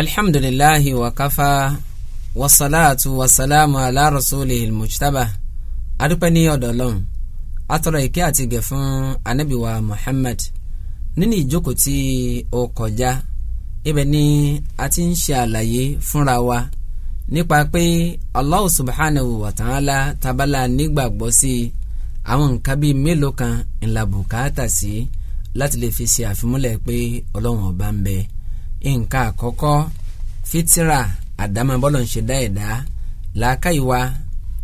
alhamdulilahi wa kafa wasalaatu wasalaamu ala rasulihi mujtaba adúpẹ́ ní ọ̀dọ̀ Ọlọ́run atọrọ ìkẹ́ àti gẹ̀ fún Ànábì wa Muhammad nínú ìjókòó tí ó kọjá ibẹ̀ ni a ti ń ṣe àlàyé fúnra wa nípa pé Allah subhanahu wa ta'ala tabala nígbàgbọ́ sí àwọn nǹkan bíi mélòó kan ńlá bùkátà sí láti lè fi ṣe àfimúlẹ̀ pé Ọlọ́run ọba ń bẹ nǹkan àkọ́kọ́ fitira àdámọ̀ bọ́lọ̀ ń ṣe dá ẹ̀dá làákàyè wa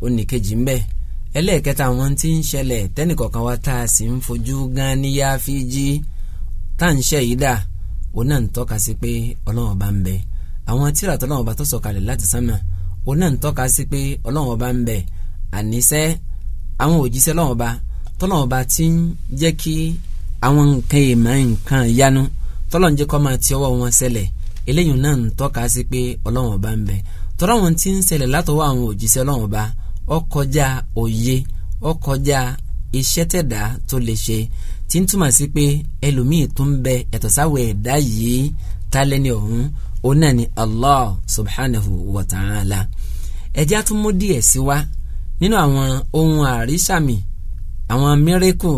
oníkejì ń bẹ ẹlẹ́ẹ̀kẹta àwọn tí ń ṣẹlẹ̀ tẹ́nìkọ̀kan wa tá a sì ń fojú gan níyà fi jí tá à ń ṣe yìí dà òun náà ń tọ́ka sí pé ọlọ́run ọba ń bẹ àwọn tíra tọ́lọ́run ọba tó sọ̀kalẹ̀ láti sánmà òun náà ń tọ́ka sí pé ọlọ́run ọba ń bẹ àníṣẹ́ àwọn òjíṣẹ́ ọlọ́run ọba tọ́lọ́run ọba ti ń jẹ́ kí àwọn nǹkan èèmọ̀ nǹkan ìyanu tọ́lọ́n jẹ́ kọ́ máa ti ọwọ́ wọn ṣẹlẹ̀ eléyìí náà ń tọ́ka sí pé ọlọ́run ọba ń bẹ tọ́lá wọn ti ń ṣẹlẹ̀ látọwọ́ àwọn òjíṣẹ́ ọlọ́run ọba ó kọjá òye ó kọjá iṣẹ́ tẹ̀dá tó lè ṣe tí ń túmọ̀ sí pé ẹlòmíì tó ń bẹ ẹ̀tọ́ sáwọ̀ ẹ̀dá yìí tálẹ́ni ọ̀hún òun náà ni Allah subhanahu wa ta'ala ẹ̀jẹ̀ àtúmọ̀ díẹ̀ sí wa nínú àwọn ohun àrísàmì àwọn mírẹ́kù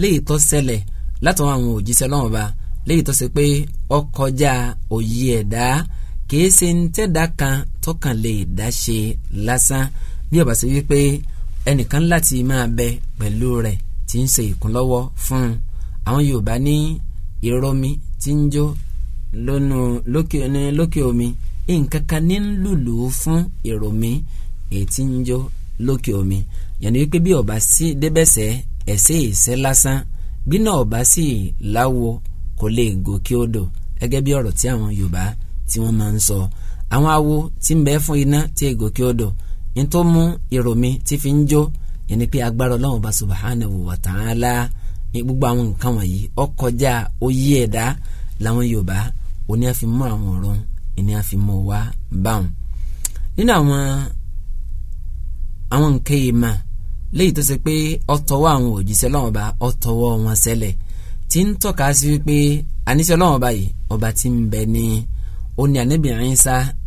léyìí tó látọwọ́ àwọn òjíṣẹ́ ọlọ́run ọba léyìí tó ṣe pé ọkọjá òye ẹ̀dá kìí ṣe ń tẹ́dá kan tọkàn lè dá ṣe lásán bí ó bá ṣe wípé ẹnìkan láti máa bẹ pẹ̀lú rẹ̀ tí ń ṣe ìkúnlọ́wọ́ fún un àwọn Yorùbá ní ìrọmi tí ń jó lónú lókè omi nǹkan kan ní lùlù fún ìrọmi èyí tí ń jó lókè omi yẹn wípé bí ó sí débẹ̀sẹ̀ ẹ̀sẹ̀ ìṣẹ́ lásán bí náà ó sì láwo kò lè gòkè odò gẹ́gẹ́ bí ọ̀rọ̀ tí àwọn Yorùbá tí wọ́n máa ń sọ àwọn awo tí ń bẹ fún iná tí è gòkè odò ní tó mú èrò mi tí fi ń jó yẹn pé agbára Ọlọ́run bá subhanahu wa ta'ala ní gbogbo àwọn nǹkan wọ̀nyí ó kọjá oyè ẹ̀dá làwọn Yorùbá òní àfi mú àwọn ọ̀rọ̀ ìní àfi mú wa báwọn. nínú àwọn àwọn nǹkan ìmà léyìí tó ṣe pé ọ̀tọ̀wọ́ àwọn òjíṣẹ́ Ọlọ́run bá ọ̀tọ̀wọ́ wọn ṣẹlẹ̀ tí ń tọ́ka sí wípé àníṣe ọlọ́run ọba yìí ọba tí ń bẹ ní ó ní ànábì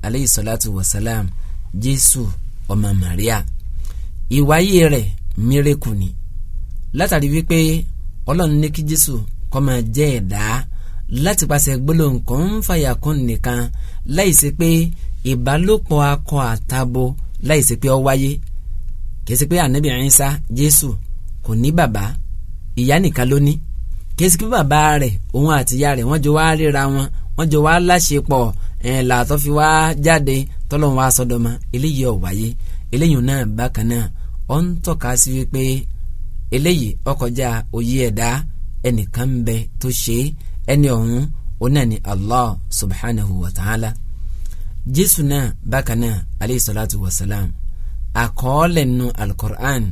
aleyhi salatu wa salam jésù ọmọ Maria ìwáyé rẹ̀ mírèkù ni látàrí wípé ọlọ́run ní kí jésù kó máa jẹ́ ẹ̀dá láti pàṣẹ gbólóhùn kan ń fàyà kún nìkan láì ṣe pé ìbálòpọ̀ akọ àtabo láì ṣe pé ó wáyé kì ṣe pé ànábì Ìsá jésù kò ní bàbá ìyá nìkan ló kèsì pé bàbá rẹ̀ òun àti ìyá rẹ̀ wọ́n jọ wá ríra wọn wọ́n jọ wá láṣepọ̀ ẹ̀ làtọ́ fi wá jáde tọ́lọ́run wá sọdọ̀mọ eléyìí ọ̀ wáyé eléyìí náà bákan náà ọ̀ ń tọ́ka sí wípé eléyìí ọkọjá òye ẹ̀dá ẹnìkan bẹ tó ṣe ẹni ọ̀hún ọ̀nà Allah subhanahu wa ta'ala jésù náà bákan náà aleyhi salatu wa salam àkọọ́lẹ̀ nù alukur'an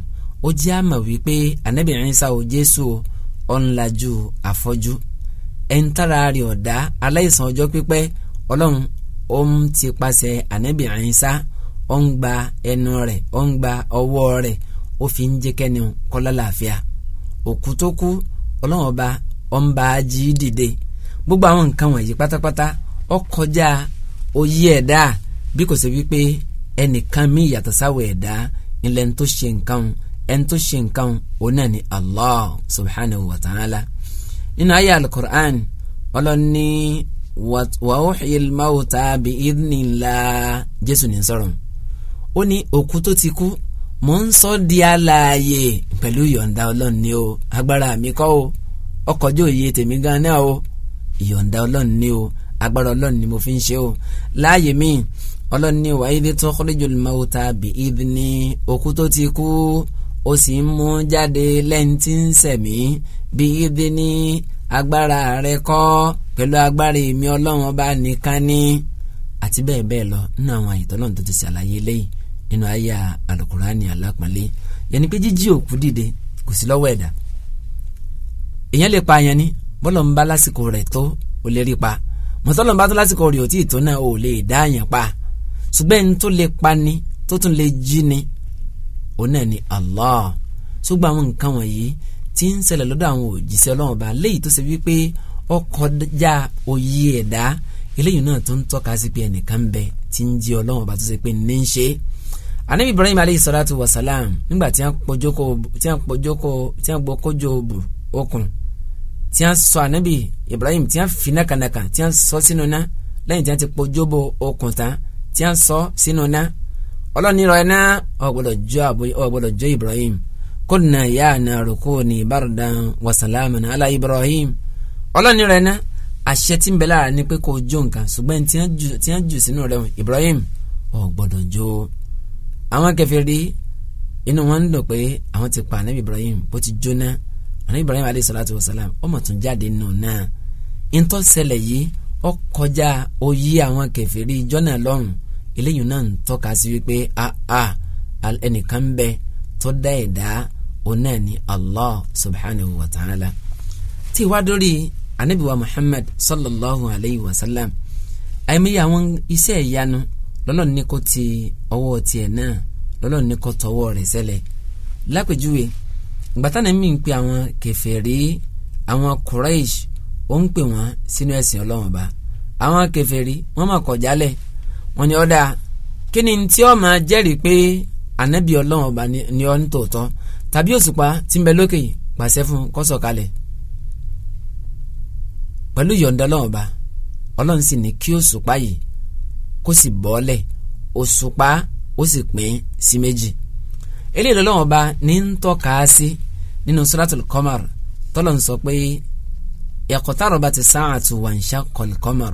ó jẹ́ àmà wípé anabi Isa o jésù o ọ̀nlajú àfọ́jú ẹ̀ńtàrà rẹ̀ ọ̀dá aláìsàn ọjọ́ pípẹ́ ọlọ́run ó ń ti pasẹ̀ ànábì Ìsá ó ń gba ẹnu rẹ̀ ó ń gba ọwọ́ rẹ̀ ó fi ń jẹ́ kẹ́ni kọ́lá làáfíà òkú tó kú ọlọ́run ọba ó ń bá a jí dìde gbogbo àwọn nǹkan wọ̀nyí pátápátá ó kọjá oyè ẹ̀dá bí kò ṣe wípé ẹnìkan mí ìyàtọ̀ sáwọ̀ ẹ̀dá ńlẹ́ni tó ṣe nǹkan ẹni tó ṣe nǹkan ni allah subhanahu wa ta'ala nínú ayé alukur'an ọlọ́ni wàhùhìí mawuta bí idinla jésù ní sọ̀rọ̀ ó ní òkú tó ti kú mò ń sọ di alààyè pẹ̀lú ìyọ̀ǹda ọlọ́run o agbára mi kọ́ o ọkọ̀jọ́ òye tèmi gan náà o ìyọ̀ǹda ọlọ́run o agbára ọlọ́run ni mo fi ń ṣe o láàyè mi ọlọ́run ni wàhídé tó kọ́lẹ́jọ́ lè máa ta òkú tó ti kú ó sì ń mú jáde lẹ́ni tí ń sẹ̀mí bí ìdí ní agbára rẹ kọ́ pẹ̀lú agbára èmi ọlọ́run ọba nìkan ni àti bẹ́ẹ̀ bẹ́ẹ̀ lọ nínú àwọn àyètọ́ náà tó ti ṣàlàyé lẹ́yìn nínú àyà alukurani alápọ̀nlé yẹnni pé jíjí òkú dìde kò sí lọ́wọ́ ẹ̀dá èèyàn lè pa àyàn ni bọ́lọ̀ ń bá lásìkò rẹ̀ tó o lè rí pa mọ̀tọ́lọ̀ ń bá tó lásìkò rẹ̀ ò tí ì tó náà o lè dá àyàn pa ṣùgbọ́n tó lè pa ni tó tún lè jí ni òun náà ni Allah ṣùgbọ́n àwọn nǹkan wọ̀nyí tí ń ṣẹlẹ̀ lọ́dọ̀ àwọn òjíṣẹ́ ọlọ́run ọba léyìí tó ṣe wípé ó kọjá òye ẹ̀dá eléyìí náà tó ń tọ́ka sí pé ẹnìkan ń bẹ tí ń jí ọlọ́run ọba tó ṣe pé ní ń ṣe. anabi ibrahim aleyhi salatu wa salam nígbà tí wọ́n pọ̀jọ́kọ̀ tí wọ́n pọ̀jọ́kọ̀ tí wọ́n gbọ́ kójọ okùn tí wọ́n sọ anabi ibrahim tí wọ́n fi nákànàkà tí wọ́n sọ sínú ná lẹ́yìn tí wọ́n ti pọ̀jọ́bọ̀ okùn tán tí wọ́n sọ sínú ná ọlọ́nirọ̀ ẹ̀ náà ọ̀gbọ́dọ̀ jọ Ibrahim kódìnà ìyá àná rúkú ní ìbáradan wasalaamu ní ala Ibrahim ọlọ́nirọ̀ ẹ̀ náà àṣẹ tí ń bẹ lára ni pé kò jó nǹkan ṣùgbọ́n tí wọ́n jù sínú rẹ̀ Ibrahim ọ̀gbọ́dọ̀ jó àwọn kèfèrí inú wọn ń dùn pé àwọn ti pa ànábì Ibrahim bó ti jóná ànábì Ibrahim alayhi salatu wasalam ọmọ tún jáde nù náà ntọ́ yìí ó kọjá àwọn kèfèrí jọ́nà lọ́rùn eléyìí náà ń tọ́ka sí wípé aa ẹnìkan bẹ tó dá ẹ̀dá onáà ní Allah subhanahu wa ta'ala tí wàá dórí anabiwa Muhammad sallallahu alayhi wa sallam àìmọye àwọn iṣẹ́ ìyanu lọ́lọ́ ní kó ti ọwọ́ tiẹ̀ náà lọ́lọ́ ní kó tọwọ́ rẹ̀ sẹ́lẹ̀ lápèjúwe gbàtánà mi ń pe àwọn kèfèrí àwọn Quraysh ó ń pè wọ́n sínú ẹ̀sìn Ọlọ́run ọba àwọn kèfèrí wọ́n máa kọ̀ wọ́n ní ọ̀dà kí ni tí ó máa jẹ́rìí pé ànábì ọlọ́run ọba ni ọ́ ń tòótọ́ tàbí òṣùpá tí ń bẹ lókè pàṣẹ fún kó sọ̀kalẹ̀ pẹ̀lú yọ̀ǹda ọlọ́run ọba ọlọ́run sì ní kí òṣùpá yìí kó sì bọ́ọ̀lẹ̀ òṣùpá ó sì pín sí méjì eléyìí lọ́lọ́run ọba ní ń tọ́ka sí nínú suratul Qamar tọ́lọ̀ sọ pé iqtarabati sa'atu wa nshaqqal qamar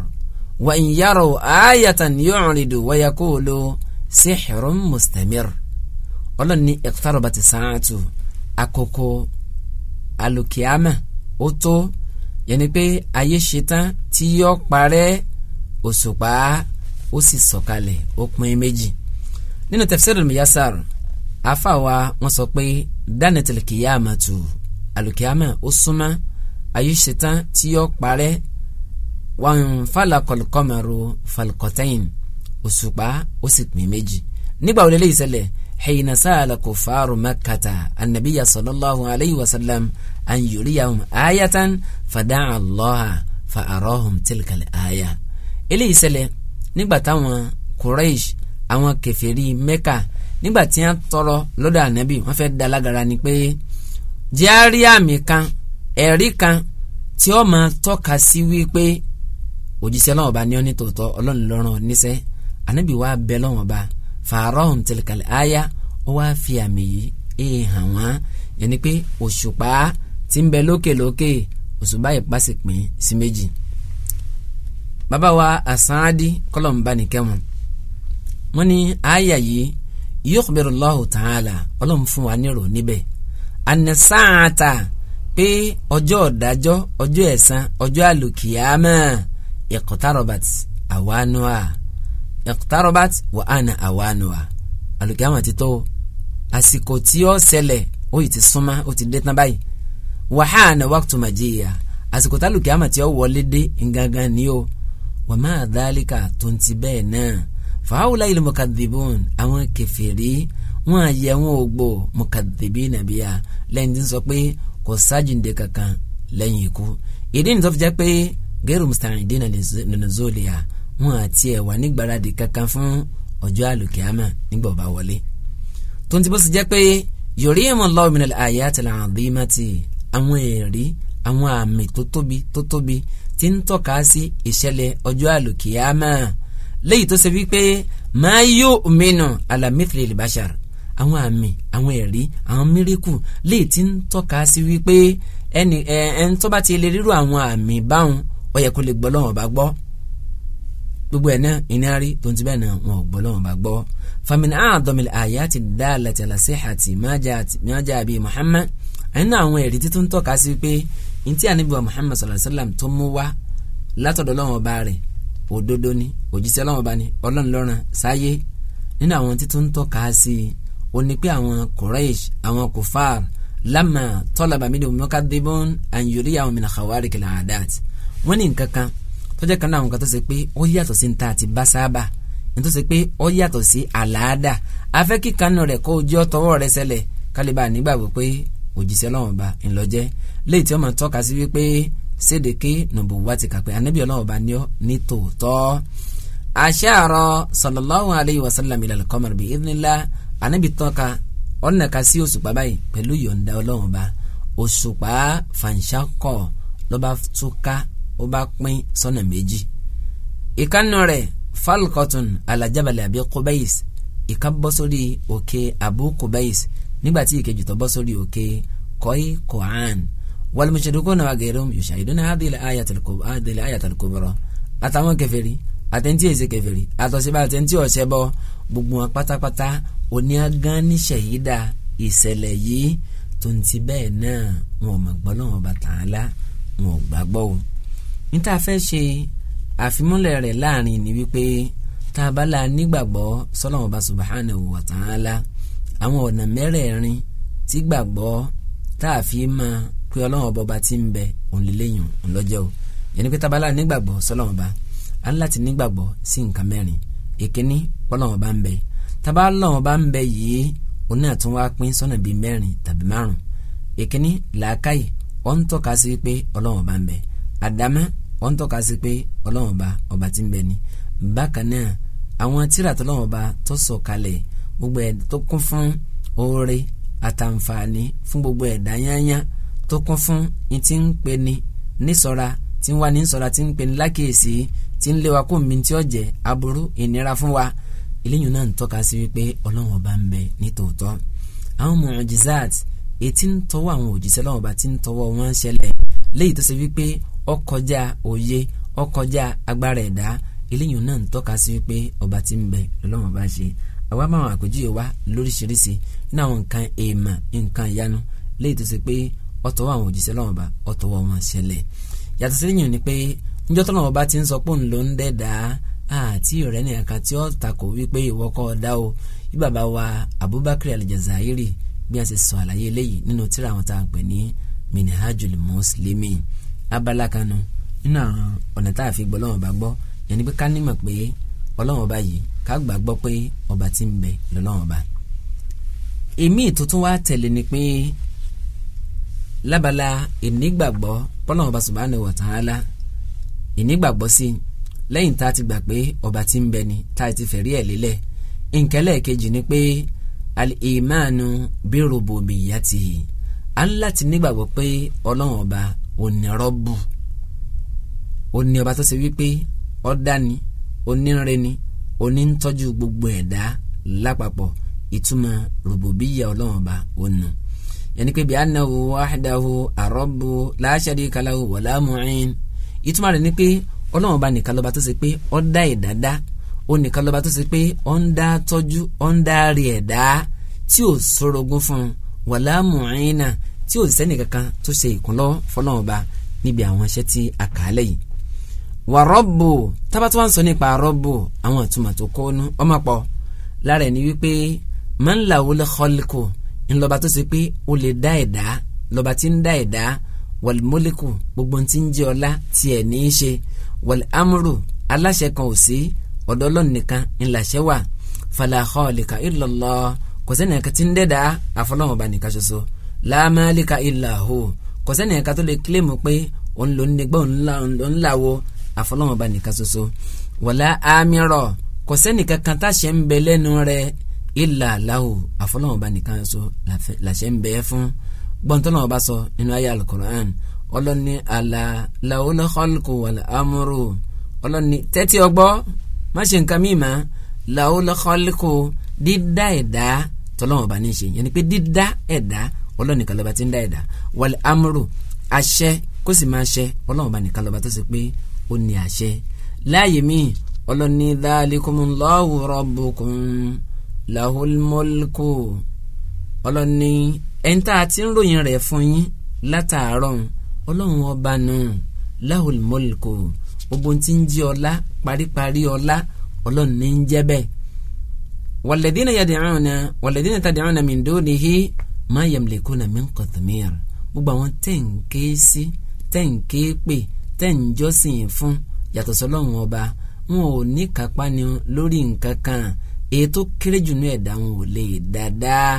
wa in yaraw ayatan yu'ridu wa yaqulu sihrun mustamir ọlọ́run ní iqtarabati sa'atu àkókò alukiyama ó tó yẹni pé ayé ṣetán tí yọ parẹ́ òṣùpá ó sì sọ̀kalẹ̀ ó pin méjì nínú tafsirul miyasar afáwa wọ́n sọ pé dánẹtìlì kìyàmà tù alukiyama ó súnmọ́ ayé ṣetán tí yọ parẹ́ wọn falakọlùkọmẹrù falkọtẹyìn òṣùpá ó sì pín méjì nígbà wo lélẹ́yìí ṣẹlẹ̀ hẹ̀yìn sáàlà kò fàárù mẹ́kàtà anabiya sallallahu alayhi wa sallam an yuriyahum ayatan fada allaha fa arahum tilkal eléyìí ṣẹlẹ̀ nígbà táwọn Quraysh àwọn kèfèrí Mẹ́kà nígbà tí wọ́n tọrọ lọ́dọ̀ ànábì wọ́n fẹ́ dalágara ni pé jẹ́ àrí àmì kan ẹ̀rí kan tí ó máa tọ́ka sí wípé òjíṣẹ́ náà ọba ní ọ́ ní tòótọ́ ọlọ́run lọ́rùn níṣẹ́ ànábì wa bẹ lọ́wọ́n ọba fàárọ̀hún tìlkàlẹ̀ àyà ó wá fi àmì yìí èè e hàn wá yẹn pé òṣùpá ti ń bẹ lókè lókè òṣùpá ìpàsì pín sí méjì. bàbá wa àsáńdí kọlọ̀mbá nìkẹ́ wọn wọn ní àyà yìí yukhbiru Allahu ta'ala ọlọ́run fún wa nírò níbẹ̀ àná sáà ta pé ọjọ́ ọ̀dájọ́ ọjọ́ ẹ̀san ọjọ́ àlùkìyàmá iqtarabat awanuha iqtarabat wa ana awanuha alùkìyàmà ti tó àsìkò tí ó ṣẹlẹ̀ o yìí ti súnmọ́ ó ti dé tán báyìí wàhánà waqtu majiya àsìkò tálùkìyàmà tí ó wọlé dé ngangan ni ó wa ma dhalika tó ń ti bẹ́ẹ̀ náà fàáwùlà ìlú mọ̀kàdìbòn àwọn kẹfìrí wọn àyẹ wọn ò gbò mọ̀kàdìbí nàbíyà lẹ́yìn tí sọ pé kò sájìǹde kankan lẹ́yìn ikú ìdí nìtọ́ fi jẹ́ pé gẹ́rù mùsàlìdì nànàzọ́lìyà wọn àti ẹ̀ wà nígbàradì kankan fún ọjọ́ àlùkìyàmà nígbà ọba wọlé tó ń ti bó ṣe jẹ́ pé yòrí ìmọ̀ lọ́ọ̀mìnà àyè àtàlà àdìmá ti àwọn èrè àwọn àmì tó tóbi tó tóbi ti ń tọ́ka sí ìṣẹ̀lẹ̀ ọjọ́ àlùkìyàmà léyìí tó ṣe wípé máa yóò mìíràn alamífìlì ìbáṣàr àwọn àmì àwọn ẹ̀rí àwọn mírìkù léyìí tí ń tọ́ka sí wípé ẹni ẹ ẹni tó bá ti lè rírò àwọn àmì báwọn ó yẹ kó lè gbọ́ lọ́wọ́ bá gbọ́ gbogbo ẹ̀ náà ìnira rí tó ń ti bẹ́ẹ̀ náà wọn ò gbọ́ lọ́wọ́ bá gbọ́ famin aadomil ayati dalati alasihati maja abi muhammad ẹni náà àwọn ẹ̀rí títún tọ́ka sí pé ntí ànábìwá muhammad sallallahu alayhi wa sallam tó mú wá látọ̀dọ̀ lọ́wọ́ bá rẹ̀ òdodo ni òjíṣẹ́ lọ́wọ́ bá ní ọlọ́run lọ́ràn sáyé nínú àwọn títún tọ́ka sí i ó ní pé àwọn quraish àwọn kufar lamma tọ́lá bàmídìí wọ́n ní nǹkan kan tọ́jà kan náà àwọn kan tó ṣe pé ó yàtọ̀ sí nta àti bá sábà nítorí ṣe pé ó yàtọ̀ sí àlàáda afẹ́ kíkanu rẹ̀ kó ojú ọ̀tọ̀wọ́ rẹ̀ ṣẹlẹ̀ kálíbà nígbàgbọ́ pé òjíṣẹ́ Ọlọ́run Ọba ńlọjẹ́ léyìí tí ó máa tọ́ka sí wípé sédèké nùbù wá ti kàpẹ́ anábì Ọlọ́run Ọba ní ọ́ ní tòótọ́ aṣáàrọ̀ sallallahu alayhi wa sallam ilal qamar bi idhnillah anábì tọ́ka ọ̀nà ka sí òṣùpá báyìí pẹ̀lú yọ̀ǹda Ọlọ́run Ọba òṣùpá fàǹṣàkọ̀ lọ́ba túká ó bá pín sọ́nà méjì ìkànnù rẹ̀ falcotton alajabalẹ̀ àbí kubais ìka bọ́ sórí òkè abu kubais nígbàtí ìkejì tó bọ́ sórí òkè koi kohan wal-mushrikuna wa ghayruhum yushahiduna hadhihi al-ayatil kubra àtàwọn kèfèrí àtẹ̀ntì èsè kèfèrí àtọ̀síbà àtẹ̀ntì ọ̀sẹ̀ bọ́ gbogbo wọn pátápátá oníagán ní ṣèyídà ìṣẹ̀lẹ̀ yìí tó ń ti bẹ́ẹ̀ náà wọn ò mọ̀ gbọ́ lọ́wọ́ bàtà ńlá wọn ò gbàgbọ́ níta fẹ́ ṣe àfimúnlẹ̀ rẹ̀ láàrin ni wípé tá a bá la nígbàgbọ́ sọ́lọ́wọ́n bá subhanahu wa ta'ala àwọn ọ̀nà mẹ́rẹ̀ẹ̀rin tí gbàgbọ́ tá a fi máa pé ọlọ́wọ́n bọba ti ń bẹ òǹlẹ́lẹ́yìn ńlọ́jọ́ o yẹnni pé tá a bá la nígbàgbọ́ sọ́lọ́wọ́n bá a ní láti nígbàgbọ́ sí nǹkan mẹ́rin èkíní pọ́lọ́wọ́n bá ń bẹ tá a bá lọ́wọ́n bá ń bẹ yìí òun náà wá pín sọ́nà bíi mẹ́rin tàbí márùn-ún èkíní làákàyè ọ̀ tọ́ka sí pé ọlọ́wọ́n bá ń bẹ àdámá wọ́n tọ́ka sí pé ọlọ́run ọba ọba tí ń bẹ ni bákan náà àwọn tíra tọ́lọ́run ọba tó sọ kalẹ̀ gbogbo ẹ̀ tó kún fún oore àtàǹfààní fún gbogbo ẹ̀dá yányá tó kún fún ní ti ń pè ní nísọ̀ra tí ń wá ní sọ̀ra tí ń pè ní lákèésí tí ń lé wa kó mi tí ó jẹ́ aburú ìnira fún wa eléyìí náà ń tọ́ka sí wípé ọlọ́run ọba ń bẹ ní tòótọ́ àwọn mu'jizat ètí ń tọwọ́ àwọn òjíṣẹ́ ọlọ́run ọba tí ń tọwọ́ wọn ṣẹlẹ̀ léyìí tó ṣe wípé ọkọjá òye ọkọjá agbára ẹ̀dá eléyìí náà ń tọ́ka sí wípé ọba ti ń bẹ lọ́wọ́ bá ṣe àwa máa wọn lóríṣiríṣi nínú àwọn nǹkan èèmà nǹkan ìyanu léyìí tó ṣe pé ọ̀tọ̀wọ́ àwọn òjíṣẹ́ bá wọn yàtọ̀ ni pé tó lọ́wọ́ pé òun ló ń dẹ́dà àti ọ dá àwọn abala kanu nínú àwọn ọ̀nà tá a fi gbọ́ lọ́wọ́ bá gbọ́ yẹn ni pé ká nímọ̀ pé ọlọ́wọ́ bá yìí ká gbàgbọ́ pé ọba ti ń bẹ lọ́wọ́ bá èmi ìtútún wa tẹ̀lé ni pé lábala ìnígbàgbọ́ pọ́nlọ́wọ́ bá subhanahu wa ta'ala ìnígbàgbọ́ sí lẹ́yìn tá a ti gbà pé ọba ti ń bẹ ni tá a ti fẹ̀rí ẹ̀ lélẹ̀ nkẹ́lẹ́ kejì ni pé al-imanu bi rububiyyatihi aláti nígbàgbọ́ pé ọlọ́wọ́ bá onírọ́bù oní ọba tó ṣe wípé ọ̀dání onírẹ́ni onítọ́jú gbogbo ẹ̀dá lápapọ̀ ìtumọ̀ rògbòbíyà ọlọ́run ọba ònà yẹnni pé bíi anahu wahdahu arọ́bù la sharika lahu wala ìtumọ̀ rẹ̀ ni pé ọlọ́run ọba nìkan lọ́ba tó ṣe pé ọ̀dá ẹ̀dá dá onìkan lọ́ba tó ṣe pé ọ̀ndá tọ́jú ọ̀ndá rí ẹ̀dá tí ò sorogún fún un wala mu'ina tí ò sẹ́ni kankan tó ṣe ìkúnlọ́ fọlọ́run ọba níbi àwọn iṣẹ́ tí a kà á lẹ́yìn. wà rọ́bù tábà tó wà ń sọ nípa rọ́bù àwọn ìtumọ̀ tó kó nú ọmọ pọ̀ lára ẹni wípé máa ń là wọlé xọ́líkù ńlọba tó ṣe pé ó lè dá ẹ̀dá lọ́ba tí ń dá ẹ̀dá wọ̀lì mólíkù gbogbo tí ń jẹ́ ọlá tiẹ̀ ní í ṣe wọ̀lì amúrù aláṣẹ kan ò sí ọ̀dọ̀ ọlọ́run láàmálíkà ìlàhó kò sẹ́ni ẹ̀ka tó lè kílèmù pé òun ló ń nígbà òun làwọ̀ àfọlọ́mọba nìkan ṣoṣo wọ̀lá àmìrọ̀ kò sẹ́ni kankan tá ṣe ń bẹ lẹ́nu rẹ̀ ìlà làwọ̀ àfọlọ́mọba nìkan ṣoṣo làṣẹ ń bẹ fún gbọ́ntọ́nà ọba sọ nínú ayé alukoran ọlọ́ni àlà làwọn lọ́kọ́lùkù wàlà àmúrò ọlọ́ni tẹ́tí ọgbọ́ má ṣe nǹkan mí ma làwọn lọ́kọ́lùkù dídá ẹ̀dá tọ́lọ́mọba ní ṣe yẹn ni pé dídá ẹ̀dá ọlọ́run nìkan lọ́ba tí ń dá ẹ̀dá wàlẹ̀ amúrò àṣẹ kó sì máa ṣẹ ọlọ́run bá nìkan lọ́ba tó ṣe pé ó ní àṣẹ láàyè míì ọlọ́run ní dhalikumullahu rabbukum lahul mulku ọlọ́run ní ẹni tá a ti ń ròyìn rẹ̀ fún yín látàárọ̀ ọlọ́run ọba nù lahul mulku gbogbo ti ń jí ọlá paríparí ọlá ọlọ́run ní ń jẹ́ bẹ́ẹ̀ walladhina yad'una walladhina tad'una min dunihi má yamliku na min qatmir gbogbo àwọn tẹ̀ ń ké sí tẹ̀ ń ké pè tẹ̀ ń jọ́sìn fún yàtọ̀ sọ́lọ́run ọba wọn ò ní kápá ni lórí nǹkan kan èyí tó kéré jù ní ẹ̀dá wọn ò lè dáadáa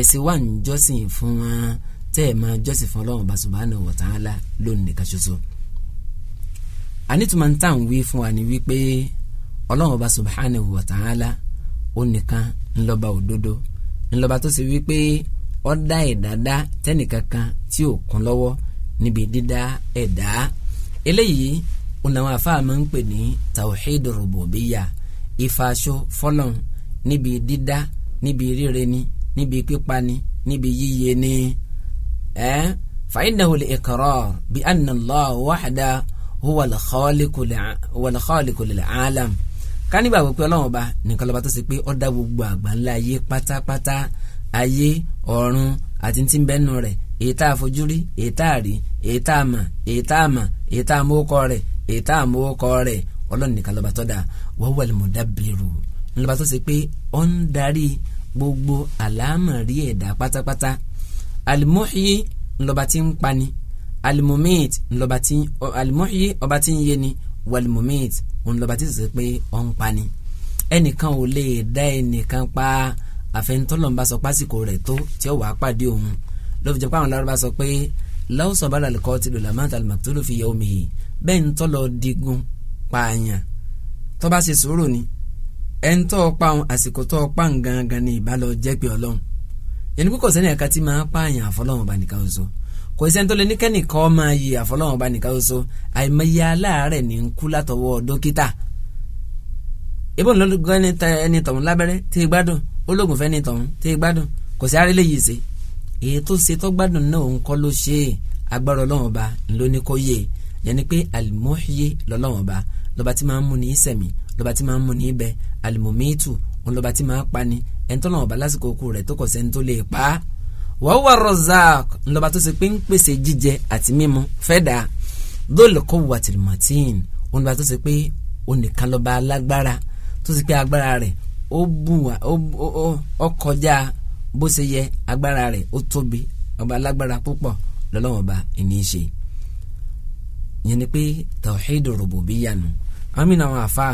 ẹ̀sìn wà ń jọ́sìn fún wọn tẹ́ ẹ̀ máa jọ́sìn fún ọlọ́run ọba subhanahu wa ta'ala lónìí nìkan ṣoṣo. ànítùmọ̀ ń tàn wí fún wa ni wípé ọlọ́run ọba subhanahu wa ta'ala ó nìkan ńlọ́ba òdodo ńlọ́ba tó ṣe ó dá ẹ̀dá dá tẹ́nìkankan tí ò kún lọ́wọ́ níbi dídá ẹ̀dá eléyìí ònàwọn àfáà máa ń pè ní tawhid rububiyyah ìfàṣọ fọlọ́n níbi dídá níbi ríre ni níbi pípa ni níbi yíyẹ ni ẹ fa innahu al-iqrar bi anna Allah wahda ká nígbà wípé ọlọ́run ọba nìkan lọ́ba tó ṣe pé ó dá gbogbo àgbáńlá ayé pátápátá ayé ọ̀run àti tí ń bẹ́nu rẹ̀ èyí tá a fojú rí èyí tá a rí èyí tá a mọ̀ èyí tá a mọ̀ èyí tá a mú kọ́ rẹ̀ èyí tá a mú kọ́ rẹ̀ ọlọ́run nìkan lọ́ba tọ́ da wọ́wọ́ lè dábìrù ńlọba tó ṣe pé ó ń darí gbogbo àlámọ̀rí ẹ̀dá pátápátá alimuhi ńlọba tí ń pani alimumit ńlọba tí alimuhi ọba tí ń yeni walimumit ńlọba tí ṣe pé ó ń pani ẹnìkan ò lè dá ẹnìkan pa á àfẹnitọ́lọ́mbà sọ pásìkò rẹ̀ tó tí ó wàá pàdé òun ló fi jẹ́ pé àwọn lárúbá sọ pé láwùsọ bá lálùkọ́ ti lò làmáta àlùmọ̀tòlù fi yẹ omi yìí bẹ́ẹ̀ ń tọ́lọ digun pààyàn tó bá ṣe sùúrù ni ẹ̀ ń tọ́ pa òun àsìkò tó pa òun gangan ni ìbá lọ jẹ́ pé ọlọ́run yẹnni kókò sẹ́ni ẹ̀ka tí máa pààyàn àfọlọ́run ọba nìkan oṣù kò sẹ́ni tó lè ní kẹ́nìkan máa yí àfọlọ́run ọba nìkan oṣù àìmọye aláàárẹ̀ ní ń kú látọwọ́ dókítà ìbọn lọ́dún gan ẹni tọ̀hún lábẹ́rẹ́ tí ì gbádùn ológun fẹ́ ní tọ̀hún tí ì gbádùn kò sí arẹ́lẹ̀ yìí ṣe èyí tó ṣe tó gbádùn náà òun kọ́ ló ṣe agbára ọlọ́run ọba ló ní kó yé e. yẹni pé alimọ́hìyé lọ́lọ́run ọba lọ́ba tí máa ń mú ní sẹ̀mí lọ́ba tí máa ń mú ní ibẹ̀ alimọ́mẹ́tù òun lọ́ba tí máa ń pani ẹni tọ́lọ́run ọba lásìkò kú rẹ̀ tó kọ̀ sẹ́ni tó lè pa á wàhùwà rọ̀zák ńlọba tó ṣe pé ń pèsè jíjẹ àti mímu fẹ́dà dólùkọ́ wàtìmọ̀tìn òun lọ́ba tó ṣe pé onìkan lọ́ba alágbára tó ṣe pé agbára rẹ̀ ó bù wá ó kọjá bó ṣe yẹ agbára rẹ̀ ó tóbi ọba alágbára púpọ̀ lọ́lọ́wọ́n ba ẹni ṣe yẹn ni pé tawhidu rububiyya nù amina wọn afa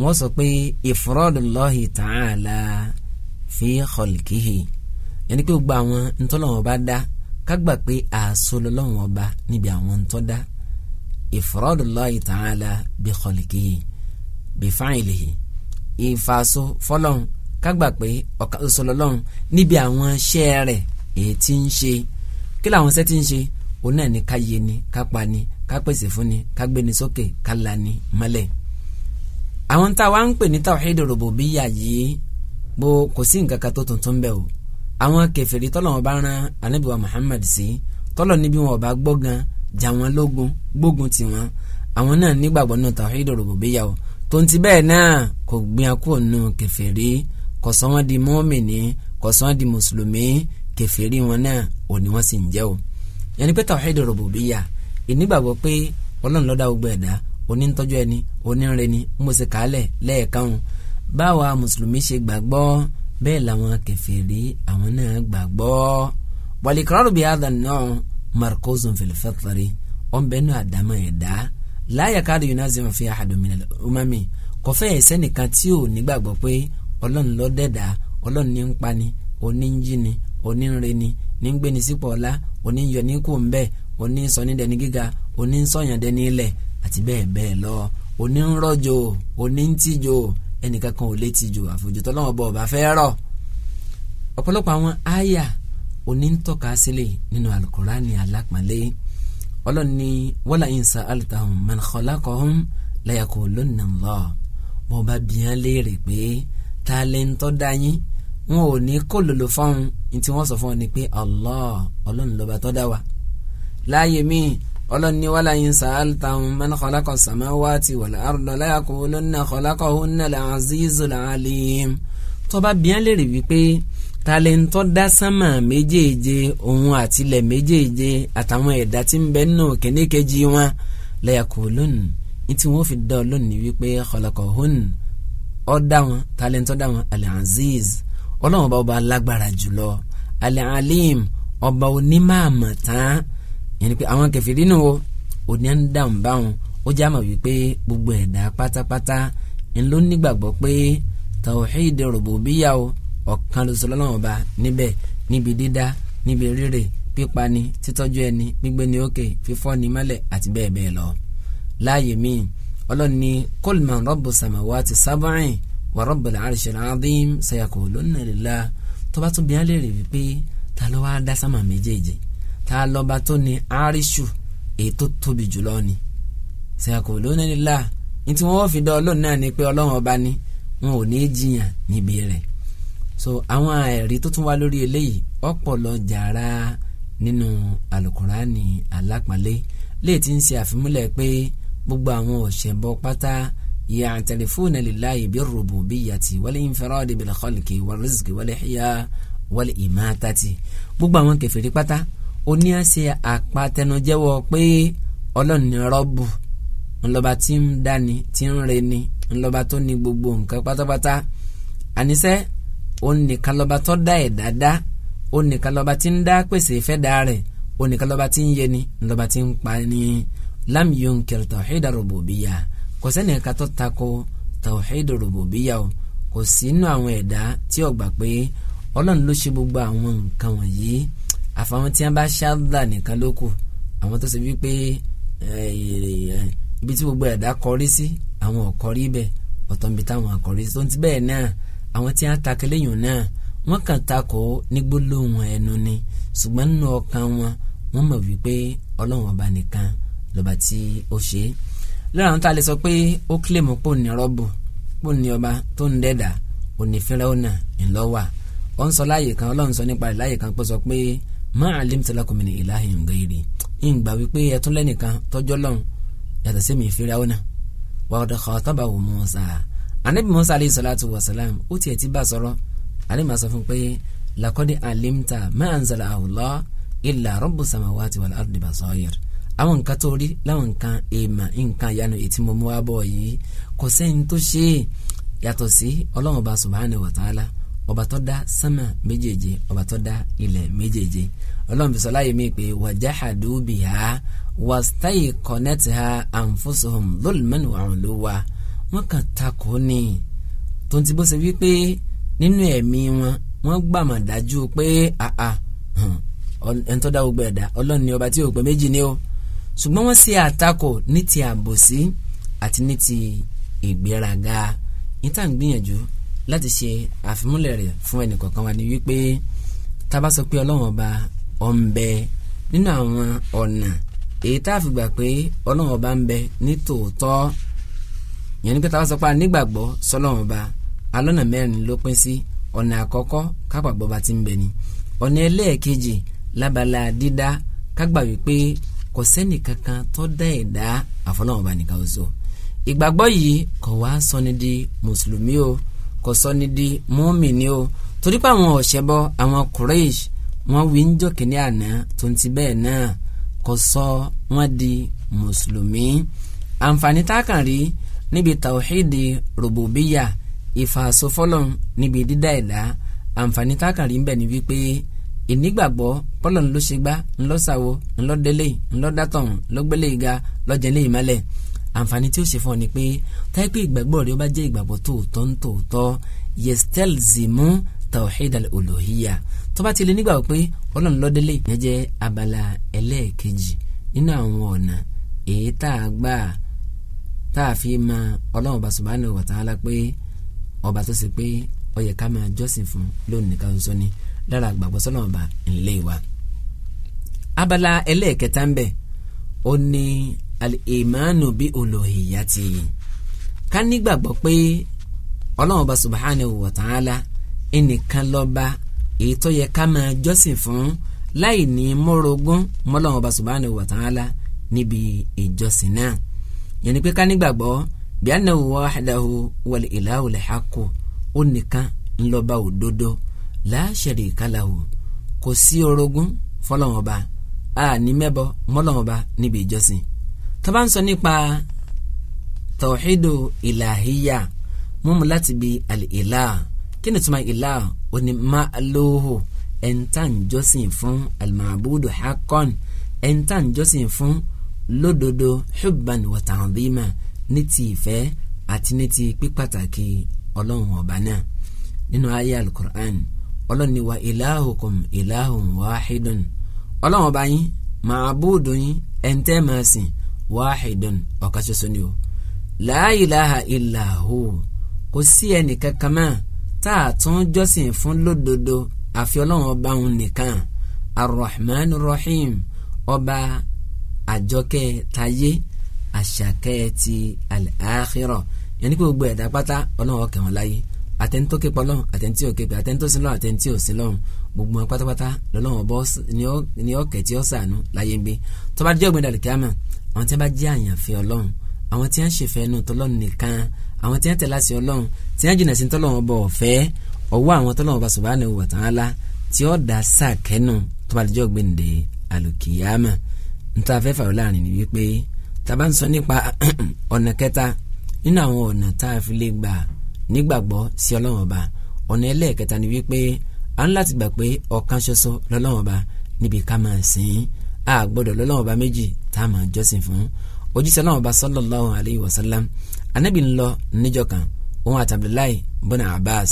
wọn sọ pé ifradullahi ta'ala fi khalqihi yẹn ni pé gbogbo àwọn ntọ́lọ́wọ́n bá dá kágbà pé àṣọ lọ́lọ́wọ́n bá níbi àwọn ntọ́ dá ifradullahi ta'ala bi khalqihi bi fa'ilihi ìfàso fọlọ́hún kágbà pé ọ̀kan ṣoṣo lọ́lọ́hún níbi àwọn iṣẹ́ rẹ̀ èyí tí ń ṣe kí làwọn iṣẹ́ tí ń ṣe òun náà ní ká yé ni ká pa ni ká pèsè fún ni ká gbé ni sókè ká la ni mọ́lẹ̀. àwọn tá a wá ń pè ní tawhid rububiyya yìí bó kò sí nǹkan kan tó tuntun bẹ́ẹ̀ o àwọn kèfèrí tọ́lọ̀ wọn bá ran Ànábì Muhammad sí tọ́lọ̀ níbi wọn ọba gbọ́gan jà wọn lógun gbógun tiwọn àwọn náà nígbàgbọ́ nínú tawhid rububiyya o tonti bẹ́ẹ̀ náà kò gbìn akúrò nù kèfèrí kò sọ di mọ́mìnì kò sọ di mùsùlùmí kèfèrí wọn náà ò ní wọ́n sì ń jẹ́ o yẹn ni pé tawhid rububiyya ìnígbàgbọ́ pé ọlọ́run ló dá gbogbo ẹ̀dá onítọ́jú ẹni onírere ni mo sì kálẹ̀ lẹ́ẹ̀kan báwa mùsùlùmí ṣe gbàgbọ́ bẹ́ẹ̀ làwọn kèfèrí àwọn náà gbàgbọ́ wal iqraru bi hadha markuzun fil fitri ọ̀nbẹ́nu àdámọ̀ láyà káàdì yunifásitì wọn fi àhàdùnmínà umami kò fẹ́ẹ̀ sẹ́nìkan tí ò nígbàgbọ́ pé ọlọ́run ló dẹ̀dá ọlọ́run ní ń pani òní ń jí ni òní ń ni ní ń gbéni sípò ọlá òní ń yọ ní kò ń bẹ́ẹ̀ òní ń sọ ní dẹni gíga òní ń sọ̀yàn dẹni ilẹ̀ àti bẹ́ẹ̀ bẹ́ẹ̀ lọ òní ń rọ̀jò òní ń tìjò ẹnìkankan ò lè tìjò àfojútọ́ lọ́wọ́ bọ̀ ọ̀bà fẹ́ rọ̀ ọ̀pọ̀lọpọ̀ àwọn àyà òní ń tọ́ka sílẹ̀ alápàlẹ́ ọlọ́run ní wala in sa'altahum man khalaqahum layakulunna Allah bó bá bìyàn léèrè pé ta lè ń tọ́ da yín wọn ò ní kó lòlò fáwọn ní tí wọ́n sọ fún ọ ni pé Allah ọlọ́run lọ́ba tọ́ da wa láàyè míì ọlọ́run ní wala in sa'altahum man khalaqa samawati wal arda layakulunna khalaqahunna al-azizul alim tó bá bìyàn léèrè wípé talentọ́ dá sánmà méjèèje òun àtilẹ̀ méjèèje àtàwọn ẹ̀dá tí ń bẹ nù kẹ́nẹ́kẹ́jì wọn lẹ́yàkó lónìí ní tí wọ́n fi dá lónìí wípé kọlọ́kọ̀ hónì ó dá wọn talentọ́ dá wọn Al-Aziz ọlọ́run ọba ọba lágbára jùlọ al ọba onímọ̀ tán yẹnni pé àwọn kẹfìrí nù o òní à dáhùn báwọn ó já mọ̀ wípé gbogbo ẹ̀dá pátápátá ńlọ nígbàgbọ́ pé tawhid rububiyya ọ̀kan lóṣù lọ́lọ́wọ́n ba níbẹ̀ níbi dídá níbi rírè pípani títọ́jú ẹni gbígbé ni òkè fífọ́ ni mọ́lẹ̀ àti bẹ́ẹ̀ bẹ́ẹ̀ lọ. láàyè míì ọlọ́run ní kólman rọ́bù sàmáwá ti sábàáyìn wà rọ́bù làárìṣẹ́ làádìm sẹ́yàkó lónìí nìlá tó bá tún bí wọ́n lè rí wípé ta ló wá dá sámà méjèèjì ta lọ́ba tó ní àríṣù èyí tó tóbi jùlọ ni sẹ́yàkó lónìí nìlá ní tí wọ́n fi dán ọlọ́run náà ni pé ọlọ́run ọba ni wọn ò ní jiyàn níbi rẹ̀ so àwọn ẹ̀rí tó tún wá lórí eléyìí ọ̀pọ̀ lọ jàrá nínú alukurani alápàlẹ́ léè tí ń ṣe àfimúlẹ̀ pé gbogbo àwọn òṣèbọ pátá ya'tarifuna lillahi birrububiyyati wal infiradi bil khalqi wal rizqi wal ihya wal imatati gbogbo àwọn kèfèrí pátá oní àṣẹ àpatẹnujẹ́wọ́ pé ọlọ́run ni rọ́bù ńlọba tí ń dáni tí ń reni ńlọba tó ní gbogbo nǹkan pátápátá àníṣẹ́ òun nìkan lọ́ba tó dá ẹ̀dá dá òun nìkan lọ́ba tí ń dá pèsè ìfẹ́ dá rẹ̀ òun nìkan lọ́ba ń yé ni lọ́ba tí ń pa ni lam yunkir tawhid rububiyyah kò sẹ́ni ẹ̀ka tó tako tawhid rububiyyah o kò sínú àwọn ẹ̀dá tí ó gbà pé ọlọ́run ló ṣe gbogbo àwọn nǹkan wọ̀nyí àfàwọn tí wọ́n bá ṣáàdà nìkan ló kù àwọn tó ṣe wípé eh, ibi tí gbogbo ẹ̀dá kọrí sí àwọn ọ̀kọrí bẹ́ẹ̀ ọ̀tọ̀ níbi táwọn àkọrí tó ń ti bẹ́ẹ̀ náà àwọn tí wọ́n takò lẹ́yìn náà wọ́n kàn takò ní gbólóhùn ẹnu ni ṣùgbọ́n nínú ọkàn wọn wọ́n mọ̀ wípé ọlọ́run ọba nìkan lọ́ba tí ó ṣe é lọ́la àwọn tá a lè sọ pé ó kílèmù pò ní rọ́bù pò ní ọba tó ń dẹ́dà òní Fíráúnà ńlọ́wà ó ń sọ láàyè kan ọlọ́run sọ nípa rẹ̀ láàyè kan pé sọ pé má alimtu lakum min ilahin ghairi ń gbà wípé ẹtún tọ́jọ́ lọ́hùn yàtọ̀ sí mi Fíráúnà wàá dọ̀kọ̀ tọ́ba wò Mùsá anabi musa aleyhi salatu wa salam ó tiẹ̀ ti bá a sọ̀rọ̀ anabi musa fún pé lakọ́dé alimta ma anzala Allah illa rabbu samawati wal ardi basair àwọn nǹkan tó rí láwọn nǹkan èèmà nǹkan ìyanu ètí mo mú wá bọ̀ yìí kò sẹ́ni tó ṣe yàtọ̀ sí ọlọ́run ọba subhanahu wa ta'ala ọba tó dá sánmà méjèèje ọba tó dá ilẹ̀ méjèèje ọlọ́run fi sọ láyé mi pé wajahadu biha wastaiqanatha anfusuhum dhulman wa wọ́n kàn takò ní tó ti bó ṣe wípé nínú ẹ̀mí wọn wọ́n gbàmọ̀ dájú pé àà ẹni tó dá gbogbo ẹ̀dá ọlọ́run ni ọba tí ò pé méjì ni o ṣùgbọ́n wọ́n ṣe àtakò ní ti àbòsí àti ní ti ìgbéraga níta ń gbìyànjú láti ṣe àfimúlẹ̀ rẹ̀ fún ẹnìkọ̀ọ̀kan wa ni wípé tá sọ pé ọlọ́run ọba ọ̀nbẹ nínú àwọn ọ̀nà èyí tá a fi gbà pé ọlọ́run ọba ń bẹ ní tòótọ́ yẹn ni pé táwọn sọ pé anígbàgbọ́ sọlọ́run ọba alọ́nà mẹ́rin ló pín sí ọ̀nà àkọ́kọ́ kápàgbọ́ bá ti ń bẹ ni ọ̀nà ẹlẹ́ẹ̀kejì lábala dídá kágbà wípé kò sẹ́nì kankan tó dá ẹ̀dá àfọlọ́run ọba nìkan ṣoṣo ìgbàgbọ́ yìí kò wá sọni di mùsùlùmí o kò sọni di mùmíní o torí pé àwọn ọ̀ṣẹ́bọ àwọn Quraysh wọ́n wí ń jọ kìnìún àná tó ti bẹ́ẹ̀ náà kò sọ wọ́n di mùsùlùmí àǹfààní tá a kàn rí níbi tàwíìdì rògbòbíyà ìfàsófọ́lọ̀ níbi dídá ẹ̀dá àǹfààní tákàrí ń bẹ ní wípé ìnígbàgbọ́ pọ́lọ̀ ńlọ ṣe gbá ńlọ sàwọ́ ńlọ délé ńlọ dátàn lọ́gbẹ́lẹ̀ ìga lọ́jẹ̀lẹ̀ ìmọ́lẹ̀ àǹfààní tí ó ṣe fún ọ ni pé táìpé ìgbàgbọ́ rẹ ó bá jẹ́ ìgbàgbọ́ tòótọ́ ń tòótọ́ yestelzimu tawhid al-uluhiyya tó bá ti nígbàgbọ́ pé ọlọ́run ló délé ìyẹn jẹ́ abala ẹlẹ́ẹ̀kejì nínú àwọn ọ̀nà èyí tá a gbà á tá a fi mọ ọlọ́run ọba subhanahu wa ta'ala pé ọba tó ṣe pé ó yẹ ká máa jọ́sìn fún lónìí nìkan ṣoṣo ni lára àgbàgbọ́ sọ́nà ọba ńlẹ̀ wa. abala ẹlẹ́ẹ̀kẹta ń bẹ̀ ó ní al-imanu bi uluhiyyati ká nígbàgbọ́ pé ọlọ́run ọba subhanahu wa ta'ala ẹnìkan lọ́ba èyí tó yẹ ká máa jọ́sìn fún láì ní mọ́rogún mọ́lọ́run ọba subhanahu wa ta'ala níbi ìjọ́sìn náà yẹn ni pé ká nígbàgbọ́ bí annahu wahdahu wal ilahul haqqu ó nìkan ńlọba òdodo la sharika lahu kò sí orogún fọlọ́wọ́n ọba a ní mẹ́bọ mọ́lọ́wọ́n ọba níbi ìjọsìn tó bá ń sọ nípa tawhidu ìlàhíyà múmu láti bi àlìlá kí ni tuma ìlà òní má lóhùn ẹ̀ńtà ń jọ́sìn fún al-ma'budu haqqan ẹ̀ńtà ń jọ́sìn fún lódodo hubban wa ta'dhima ní ti ìfẹ́ àti ní ti pípàtàkì ọlọ́run ọba náà nínú ayé alukur'an ọlọ́run ní wa ilahukum ilahun wahidun ọlọ́run ọba yín màábùdù yín ẹ̀ńtẹ́ máa sìn wahidun ọ̀kan ṣoṣo ni o la ilaha illa hu kò sí ẹnì kankan mọ́ tá a tún jọ́sìn fún lódodo àfi ọlọ́run ọba òun nìkan arrahman rahim ọba àjọkẹ́ tayé àṣàkẹ́ ti àlàáhírọ̀ yẹnni pé gbogbo ẹ̀dá pátá ọlọ́wọ́ kẹwọn láyé àtẹ̀ntó képa ọlọ́run àtẹ̀ntí òkèpè àtẹ̀ntó sílọ̀ àtẹ̀ntí òsílọ̀run gbogbo wọn pátápátá lọ́lọ́wọ́n bọ́ ní ọ̀kẹ́ tí ó sànú láyé gbé tó bá jẹ́ ògbìn dàlùkíámà àwọn tí wọ́n bá jẹ́ àyànfẹ́ ọlọ́run àwọn tí wọ́n ṣèfẹ́ ẹnu tọ́lọ́run nìkan àwọn tí wọ́n tẹ̀lé àṣẹ ọlọ́run tí wọ́n jìnnà sí tọ́lọ́run bọ̀ ọ̀fẹ́ ọwọ́ àwọn tọ́lọ́run bá subhanahu wa ta'ala tí ó dá sáà kẹ́nu tó jẹ́ ògbìn dàlùkíámà níta fẹ́ fàrọ̀ láàrin ni wípé tàbá ń sọ nípa ọ̀nà kẹta nínú àwọn ọ̀nà tá a fi lè gbà nígbàgbọ́ sí ọlọ́run ọba ọ̀nà ẹlẹ́ẹ̀kẹta ni wípé a ń láti gbà pé ọ̀kan ṣoṣo lọ́lọ́run ọba níbi ká máa sìn á gbọ́dọ̀ lọ́lọ́run ọba méjì tá a máa jọ́sìn fún ojúṣe ọlọ́run ọba sallallahu alayhi wa sallam anabi ń lọ níjọ́ kan òun àti bọ́nà abbas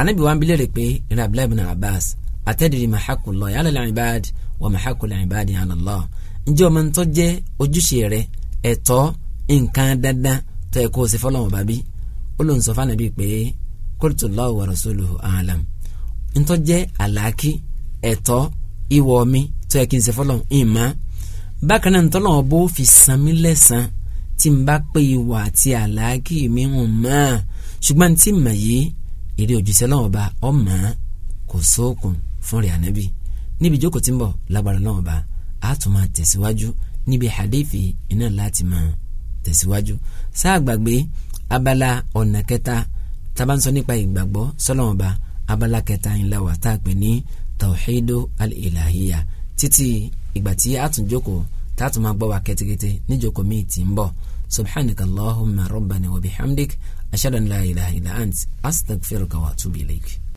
anabi wa ń bilẹ̀ rẹ̀ pé ìrìn abdullahi bọ́nà abbas atadri ma haqqu Allahi ala al-ibad wa ma haqqu al-ibadi Allah ǹjẹ́ ọmọ ntọ́ jẹ́ ojúṣe rẹ ẹ̀tọ́ nǹkan dandan tó ẹ̀kọ́ òsè fọlọ́wọn bàbí ó lòun sọ fún ànábì pé qultu Allahu wa rasuluhu a'lam ntọ́ jẹ́ àlàákí ẹ̀tọ́ ìwọ mi tó ẹ̀kí nsè fọlọ́wọn ìmọ̀ bákan náà ntọ́ lọ́wọ́ bó fi san mí lẹ́sàn tí n bá pé ìwà àti àlàákí mi hùn mọ́ ṣùgbọ́n tí mà yìí èrè òjíṣẹ́ lọ́wọ́ bá ọ̀ a tún máa tẹ̀síwájú níbi hadithi iná láti máa tẹ̀síwájú sáà gbàgbé abala ọ̀nà kẹta tábà ń sọ nípa ìgbàgbọ́ sọlọ́mọba abala kẹta ńlá wà tá a pè ní tawhidu al-ilahiya títí ìgbà tí a tún jókòó tá a tún máa gbọ́ wa kẹ́tíkẹ́tí níjókòó míì tí ń bọ̀ subhanaka allahumma rabbana wa bihamdik ashhadu an la ilaha illa ant astaghfiruka wa atubu ilayk.